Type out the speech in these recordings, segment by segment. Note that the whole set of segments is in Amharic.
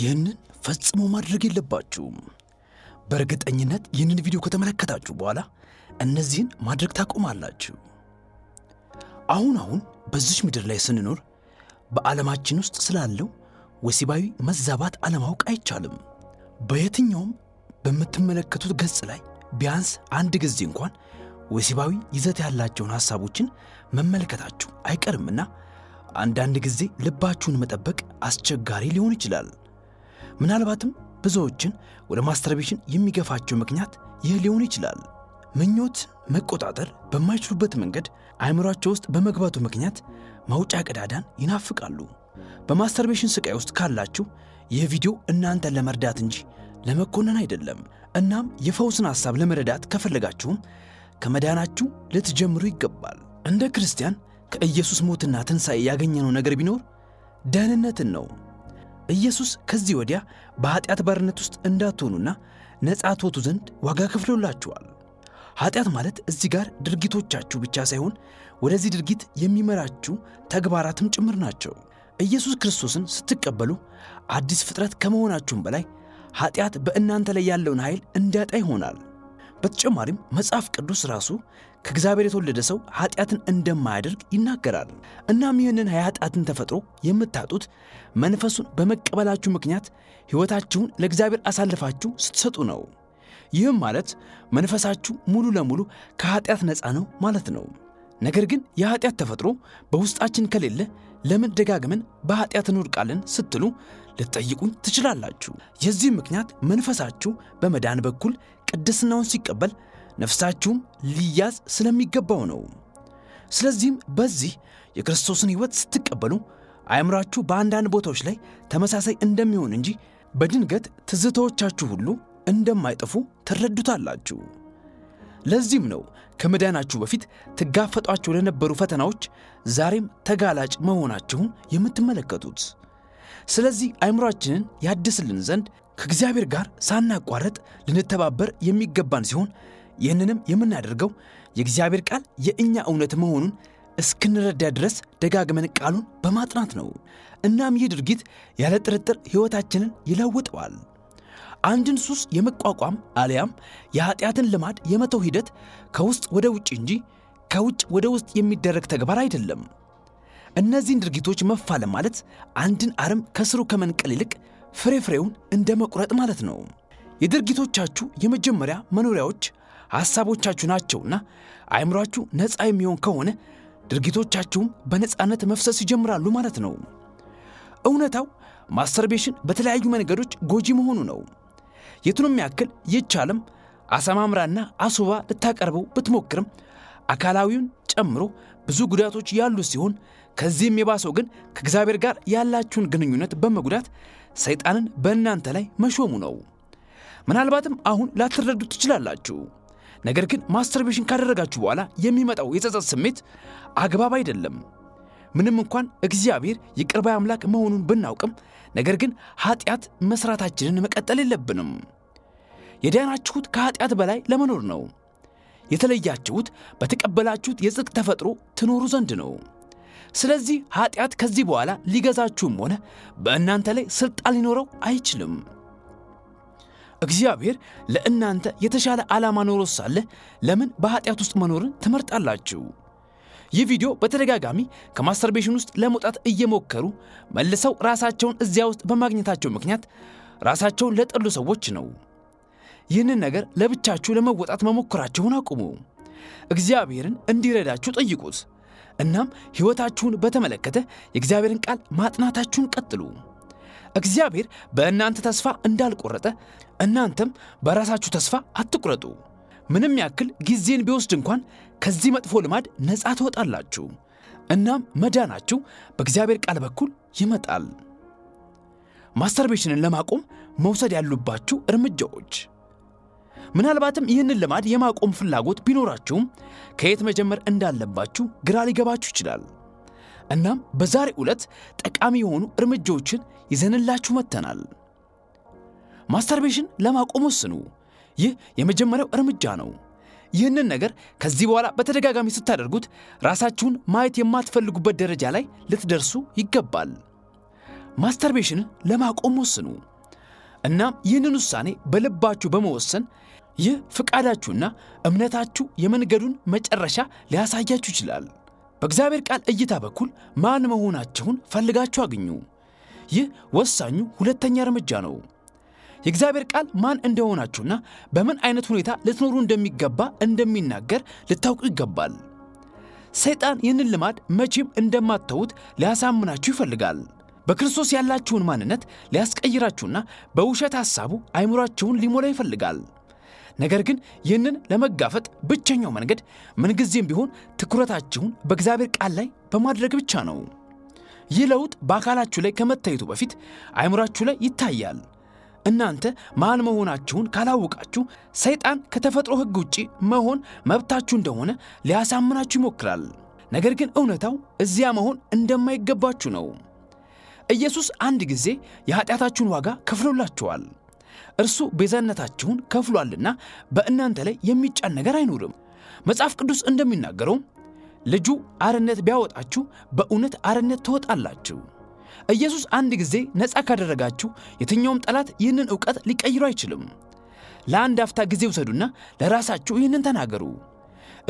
ይህንን ፈጽሞ ማድረግ የለባችሁም። በእርግጠኝነት ይህንን ቪዲዮ ከተመለከታችሁ በኋላ እነዚህን ማድረግ ታቆማላችሁ። አሁን አሁን በዚች ምድር ላይ ስንኖር በዓለማችን ውስጥ ስላለው ወሲባዊ መዛባት አለማወቅ አይቻልም። በየትኛውም በምትመለከቱት ገጽ ላይ ቢያንስ አንድ ጊዜ እንኳን ወሲባዊ ይዘት ያላቸውን ሐሳቦችን መመልከታችሁ አይቀርምና አንዳንድ ጊዜ ልባችሁን መጠበቅ አስቸጋሪ ሊሆን ይችላል። ምናልባትም ብዙዎችን ወደ ማስተርቤሽን የሚገፋቸው ምክንያት ይህ ሊሆን ይችላል። ምኞት መቆጣጠር በማይችሉበት መንገድ አእምሯቸው ውስጥ በመግባቱ ምክንያት ማውጫ ቀዳዳን ይናፍቃሉ። በማስተርቤሽን ስቃይ ውስጥ ካላችሁ ይህ ቪዲዮ እናንተን ለመርዳት እንጂ ለመኮነን አይደለም። እናም የፈውስን ሐሳብ ለመረዳት ከፈለጋችሁም ከመዳናችሁ ልትጀምሩ ይገባል። እንደ ክርስቲያን ከኢየሱስ ሞትና ትንሣኤ ያገኘነው ነገር ቢኖር ደህንነትን ነው። ኢየሱስ ከዚህ ወዲያ በኀጢአት ባርነት ውስጥ እንዳትሆኑና ነፃ ትወቱ ዘንድ ዋጋ ከፍሎላችኋል። ኀጢአት ማለት እዚህ ጋር ድርጊቶቻችሁ ብቻ ሳይሆን ወደዚህ ድርጊት የሚመራችሁ ተግባራትም ጭምር ናቸው። ኢየሱስ ክርስቶስን ስትቀበሉ አዲስ ፍጥረት ከመሆናችሁም በላይ ኀጢአት በእናንተ ላይ ያለውን ኃይል እንዲያጣ ይሆናል። በተጨማሪም መጽሐፍ ቅዱስ ራሱ ከእግዚአብሔር የተወለደ ሰው ኃጢአትን እንደማያደርግ ይናገራል። እናም ይህንን የኃጢአትን ተፈጥሮ የምታጡት መንፈሱን በመቀበላችሁ ምክንያት ሕይወታችሁን ለእግዚአብሔር አሳልፋችሁ ስትሰጡ ነው። ይህም ማለት መንፈሳችሁ ሙሉ ለሙሉ ከኃጢአት ነፃ ነው ማለት ነው። ነገር ግን የኃጢአት ተፈጥሮ በውስጣችን ከሌለ ለምን ደጋግመን በኃጢአት እንወድቃለን ስትሉ ልትጠይቁኝ ትችላላችሁ። የዚህም ምክንያት መንፈሳችሁ በመዳን በኩል ቅድስናውን ሲቀበል ነፍሳችሁም ሊያዝ ስለሚገባው ነው። ስለዚህም በዚህ የክርስቶስን ሕይወት ስትቀበሉ አእምሯችሁ በአንዳንድ ቦታዎች ላይ ተመሳሳይ እንደሚሆን እንጂ በድንገት ትዝታዎቻችሁ ሁሉ እንደማይጠፉ ትረዱታላችሁ። ለዚህም ነው ከመዳናችሁ በፊት ትጋፈጧቸው ለነበሩ ፈተናዎች ዛሬም ተጋላጭ መሆናችሁን የምትመለከቱት። ስለዚህ አእምሯችንን ያድስልን ዘንድ ከእግዚአብሔር ጋር ሳናቋረጥ ልንተባበር የሚገባን ሲሆን ይህንንም የምናደርገው የእግዚአብሔር ቃል የእኛ እውነት መሆኑን እስክንረዳ ድረስ ደጋግመን ቃሉን በማጥናት ነው። እናም ይህ ድርጊት ያለ ጥርጥር ሕይወታችንን ይለውጠዋል። አንድን ሱስ የመቋቋም አሊያም የኀጢአትን ልማድ የመተው ሂደት ከውስጥ ወደ ውጭ እንጂ ከውጭ ወደ ውስጥ የሚደረግ ተግባር አይደለም። እነዚህን ድርጊቶች መፋለም ማለት አንድን አረም ከስሩ ከመንቀል ይልቅ ፍሬፍሬውን እንደመቁረጥ እንደ መቁረጥ ማለት ነው። የድርጊቶቻችሁ የመጀመሪያ መኖሪያዎች ሐሳቦቻችሁ ናቸውና አእምሯችሁ ነፃ የሚሆን ከሆነ ድርጊቶቻችሁም በነፃነት መፍሰስ ይጀምራሉ ማለት ነው። እውነታው ማስተርቤሽን በተለያዩ መንገዶች ጎጂ መሆኑ ነው። የቱንም ያክል ይቻለም አሰማምራና አስውባ ልታቀርበው ብትሞክርም አካላዊውን ጨምሮ ብዙ ጉዳቶች ያሉ ሲሆን ከዚህ የባሰው ግን ከእግዚአብሔር ጋር ያላችሁን ግንኙነት በመጉዳት ሰይጣንን በእናንተ ላይ መሾሙ ነው። ምናልባትም አሁን ላትረዱት ትችላላችሁ። ነገር ግን ማስተርቤሽን ካደረጋችሁ በኋላ የሚመጣው የጸጸት ስሜት አግባብ አይደለም። ምንም እንኳን እግዚአብሔር ይቅርባይ አምላክ መሆኑን ብናውቅም፣ ነገር ግን ኃጢአት መሥራታችንን መቀጠል የለብንም። የዳናችሁት ከኃጢአት በላይ ለመኖር ነው። የተለያችሁት በተቀበላችሁት የጽድቅ ተፈጥሮ ትኖሩ ዘንድ ነው። ስለዚህ ኃጢአት ከዚህ በኋላ ሊገዛችሁም ሆነ በእናንተ ላይ ሥልጣን ሊኖረው አይችልም። እግዚአብሔር ለእናንተ የተሻለ ዓላማ ኖሮ ሳለ ለምን በኃጢአት ውስጥ መኖርን ትመርጣላችሁ? ይህ ቪዲዮ በተደጋጋሚ ከማስተርቤሽን ውስጥ ለመውጣት እየሞከሩ መልሰው ራሳቸውን እዚያ ውስጥ በማግኘታቸው ምክንያት ራሳቸውን ለጠሉ ሰዎች ነው። ይህንን ነገር ለብቻችሁ ለመወጣት መሞከራችሁን አቁሙ። እግዚአብሔርን እንዲረዳችሁ ጠይቁት። እናም ሕይወታችሁን በተመለከተ የእግዚአብሔርን ቃል ማጥናታችሁን ቀጥሉ። እግዚአብሔር በእናንተ ተስፋ እንዳልቆረጠ እናንተም በራሳችሁ ተስፋ አትቁረጡ። ምንም ያክል ጊዜን ቢወስድ እንኳን ከዚህ መጥፎ ልማድ ነፃ ትወጣላችሁ። እናም መዳናችሁ በእግዚአብሔር ቃል በኩል ይመጣል። ማስተርቤሽንን ለማቆም መውሰድ ያሉባችሁ እርምጃዎች ምናልባትም ይህንን ልማድ የማቆም ፍላጎት ቢኖራችሁም ከየት መጀመር እንዳለባችሁ ግራ ሊገባችሁ ይችላል። እናም በዛሬ ዕለት ጠቃሚ የሆኑ እርምጃዎችን ይዘንላችሁ መጥተናል። ማስተርቤሽን ለማቆም ወስኑ። ይህ የመጀመሪያው እርምጃ ነው። ይህንን ነገር ከዚህ በኋላ በተደጋጋሚ ስታደርጉት ራሳችሁን ማየት የማትፈልጉበት ደረጃ ላይ ልትደርሱ ይገባል። ማስተርቤሽንን ለማቆም ወስኑ። እናም ይህንን ውሳኔ በልባችሁ በመወሰን ይህ ፍቃዳችሁና እምነታችሁ የመንገዱን መጨረሻ ሊያሳያችሁ ይችላል። በእግዚአብሔር ቃል እይታ በኩል ማን መሆናችሁን ፈልጋችሁ አግኙ። ይህ ወሳኙ ሁለተኛ እርምጃ ነው። የእግዚአብሔር ቃል ማን እንደሆናችሁና በምን አይነት ሁኔታ ልትኖሩ እንደሚገባ እንደሚናገር ልታውቁ ይገባል። ሰይጣን ይህንን ልማድ መቼም እንደማትተዉት ሊያሳምናችሁ ይፈልጋል። በክርስቶስ ያላችሁን ማንነት ሊያስቀይራችሁና በውሸት ሐሳቡ አይምሯችሁን ሊሞላ ይፈልጋል። ነገር ግን ይህንን ለመጋፈጥ ብቸኛው መንገድ ምንጊዜም ቢሆን ትኩረታችሁን በእግዚአብሔር ቃል ላይ በማድረግ ብቻ ነው። ይህ ለውጥ በአካላችሁ ላይ ከመታየቱ በፊት አይምራችሁ ላይ ይታያል። እናንተ ማን መሆናችሁን ካላወቃችሁ ሰይጣን ከተፈጥሮ ሕግ ውጪ መሆን መብታችሁ እንደሆነ ሊያሳምናችሁ ይሞክራል። ነገር ግን እውነታው እዚያ መሆን እንደማይገባችሁ ነው። ኢየሱስ አንድ ጊዜ የኃጢአታችሁን ዋጋ ከፍሎላችኋል። እርሱ ቤዛነታችሁን ከፍሏልና በእናንተ ላይ የሚጫን ነገር አይኖርም። መጽሐፍ ቅዱስ እንደሚናገረው ልጁ አርነት ቢያወጣችሁ በእውነት አርነት ትወጣላችሁ። ኢየሱስ አንድ ጊዜ ነፃ ካደረጋችሁ የትኛውም ጠላት ይህንን ዕውቀት ሊቀይሩ አይችልም። ለአንድ አፍታ ጊዜ ውሰዱና ለራሳችሁ ይህንን ተናገሩ።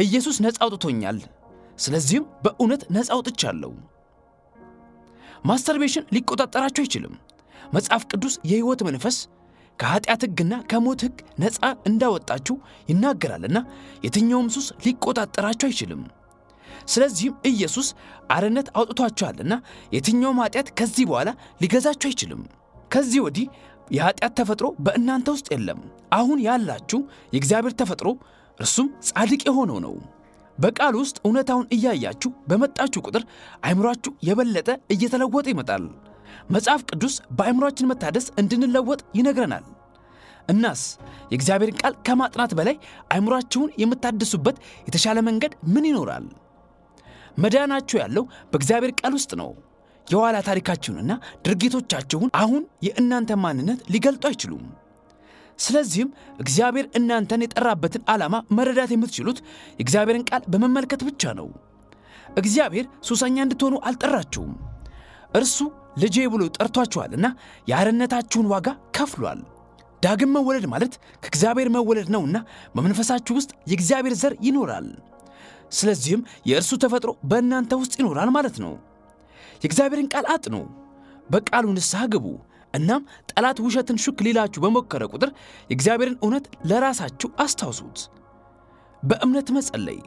ኢየሱስ ነፃ አውጥቶኛል፣ ስለዚህም በእውነት ነፃ አውጥቻለሁ። ማስተርቤሽን ሊቆጣጠራችሁ አይችልም። መጽሐፍ ቅዱስ የሕይወት መንፈስ ከኃጢአት ሕግና ከሞት ሕግ ነፃ እንዳወጣችሁ ይናገራልና የትኛውም ሱስ ሊቆጣጠራችሁ አይችልም። ስለዚህም ኢየሱስ አርነት አውጥቷችኋልና የትኛውም ኃጢአት ከዚህ በኋላ ሊገዛችሁ አይችልም። ከዚህ ወዲህ የኃጢአት ተፈጥሮ በእናንተ ውስጥ የለም። አሁን ያላችሁ የእግዚአብሔር ተፈጥሮ እርሱም ጻድቅ የሆነው ነው። በቃል ውስጥ እውነታውን እያያችሁ በመጣችሁ ቁጥር አይምሯችሁ የበለጠ እየተለወጠ ይመጣል። መጽሐፍ ቅዱስ በአእምሯችን መታደስ እንድንለወጥ ይነግረናል። እናስ የእግዚአብሔርን ቃል ከማጥናት በላይ አእምሯችሁን የምታድሱበት የተሻለ መንገድ ምን ይኖራል? መዳናችሁ ያለው በእግዚአብሔር ቃል ውስጥ ነው። የኋላ ታሪካችሁንና ድርጊቶቻችሁን አሁን የእናንተ ማንነት ሊገልጡ አይችሉም። ስለዚህም እግዚአብሔር እናንተን የጠራበትን ዓላማ መረዳት የምትችሉት የእግዚአብሔርን ቃል በመመልከት ብቻ ነው። እግዚአብሔር ሱሰኛ እንድትሆኑ አልጠራችሁም። እርሱ ልጄ ብሎ ጠርቷችኋልና የአርነታችሁን ዋጋ ከፍሏል። ዳግም መወለድ ማለት ከእግዚአብሔር መወለድ ነውና በመንፈሳችሁ ውስጥ የእግዚአብሔር ዘር ይኖራል። ስለዚህም የእርሱ ተፈጥሮ በእናንተ ውስጥ ይኖራል ማለት ነው። የእግዚአብሔርን ቃል አጥኑ፣ በቃሉ ንስሐ ግቡ። እናም ጠላት ውሸትን ሹክ ሊላችሁ በሞከረ ቁጥር የእግዚአብሔርን እውነት ለራሳችሁ አስታውሱት። በእምነት መጸለይ።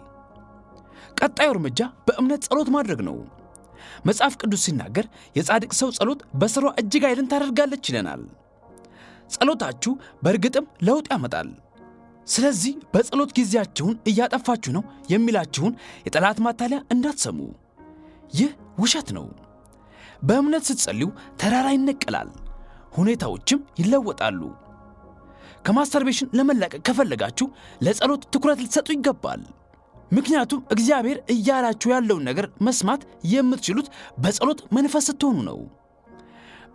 ቀጣዩ እርምጃ በእምነት ጸሎት ማድረግ ነው። መጽሐፍ ቅዱስ ሲናገር የጻድቅ ሰው ጸሎት በሥሯ እጅግ ኃይልን ታደርጋለች ይለናል። ጸሎታችሁ በእርግጥም ለውጥ ያመጣል። ስለዚህ በጸሎት ጊዜያችሁን እያጠፋችሁ ነው የሚላችሁን የጠላት ማታለያ እንዳትሰሙ። ይህ ውሸት ነው። በእምነት ስትጸልዩ ተራራ ይነቀላል፣ ሁኔታዎችም ይለወጣሉ። ከማስተርቤሽን ለመላቀቅ ከፈለጋችሁ ለጸሎት ትኩረት ልትሰጡ ይገባል። ምክንያቱም እግዚአብሔር እያላችሁ ያለውን ነገር መስማት የምትችሉት በጸሎት መንፈስ ስትሆኑ ነው።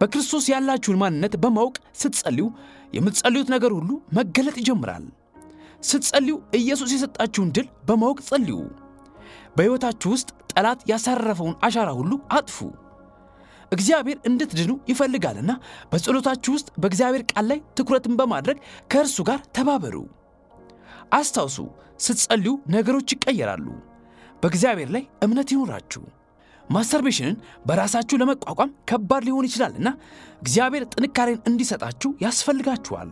በክርስቶስ ያላችሁን ማንነት በማወቅ ስትጸልዩ የምትጸልዩት ነገር ሁሉ መገለጥ ይጀምራል። ስትጸልዩ ኢየሱስ የሰጣችሁን ድል በማወቅ ጸልዩ። በሕይወታችሁ ውስጥ ጠላት ያሳረፈውን አሻራ ሁሉ አጥፉ። እግዚአብሔር እንድትድኑ ይፈልጋልና በጸሎታችሁ ውስጥ በእግዚአብሔር ቃል ላይ ትኩረትን በማድረግ ከእርሱ ጋር ተባበሩ። አስታውሱ፣ ስትጸልዩ ነገሮች ይቀየራሉ። በእግዚአብሔር ላይ እምነት ይኖራችሁ። ማስተርቤሽንን በራሳችሁ ለመቋቋም ከባድ ሊሆን ይችላል እና እግዚአብሔር ጥንካሬን እንዲሰጣችሁ ያስፈልጋችኋል።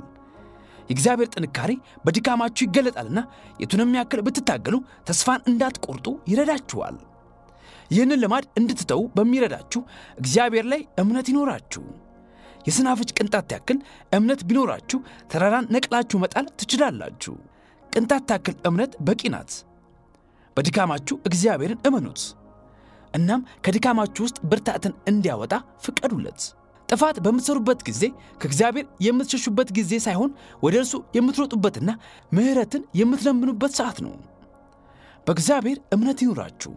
የእግዚአብሔር ጥንካሬ በድካማችሁ ይገለጣልና የቱንም ያክል ብትታገሉ ተስፋን እንዳትቆርጡ ይረዳችኋል። ይህንን ልማድ እንድትተዉ በሚረዳችሁ እግዚአብሔር ላይ እምነት ይኖራችሁ። የስናፍጭ ቅንጣት ያክል እምነት ቢኖራችሁ ተራራን ነቅላችሁ መጣል ትችላላችሁ። ቅንጣት ታክል እምነት በቂ ናት። በድካማችሁ እግዚአብሔርን እመኑት፣ እናም ከድካማችሁ ውስጥ ብርታትን እንዲያወጣ ፍቀዱለት። ጥፋት በምትሰሩበት ጊዜ ከእግዚአብሔር የምትሸሹበት ጊዜ ሳይሆን ወደ እርሱ የምትሮጡበትና ምሕረትን የምትለምኑበት ሰዓት ነው። በእግዚአብሔር እምነት ይኑራችሁ፣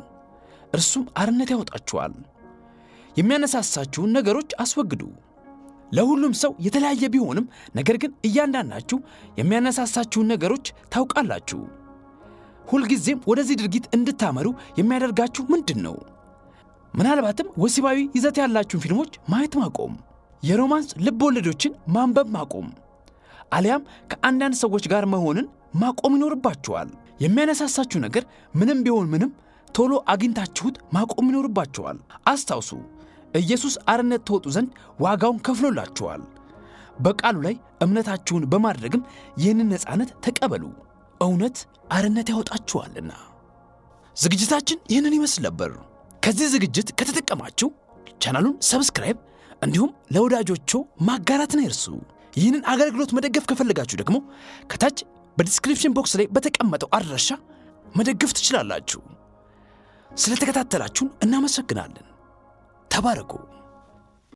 እርሱም አርነት ያወጣችኋል። የሚያነሳሳችሁን ነገሮች አስወግዱ። ለሁሉም ሰው የተለያየ ቢሆንም ነገር ግን እያንዳንዳችሁ የሚያነሳሳችሁን ነገሮች ታውቃላችሁ። ሁልጊዜም ወደዚህ ድርጊት እንድታመሩ የሚያደርጋችሁ ምንድን ነው? ምናልባትም ወሲባዊ ይዘት ያላችሁን ፊልሞች ማየት ማቆም፣ የሮማንስ ልብ ወለዶችን ማንበብ ማቆም፣ አሊያም ከአንዳንድ ሰዎች ጋር መሆንን ማቆም ይኖርባችኋል። የሚያነሳሳችሁ ነገር ምንም ቢሆን ምንም ቶሎ አግኝታችሁት ማቆም ይኖርባችኋል። አስታውሱ ኢየሱስ አርነት ትወጡ ዘንድ ዋጋውን ከፍሎላችኋል። በቃሉ ላይ እምነታችሁን በማድረግም ይህንን ነፃነት ተቀበሉ፣ እውነት አርነት ያወጣችኋልና። ዝግጅታችን ይህንን ይመስል ነበር። ከዚህ ዝግጅት ከተጠቀማችሁ ቻናሉን ሰብስክራይብ እንዲሁም ለወዳጆቹ ማጋራትን አይርሱ። ይህንን አገልግሎት መደገፍ ከፈለጋችሁ ደግሞ ከታች በዲስክሪፕሽን ቦክስ ላይ በተቀመጠው አድራሻ መደገፍ ትችላላችሁ። ስለተከታተላችሁን እናመሰግናለን። ተባረኩ።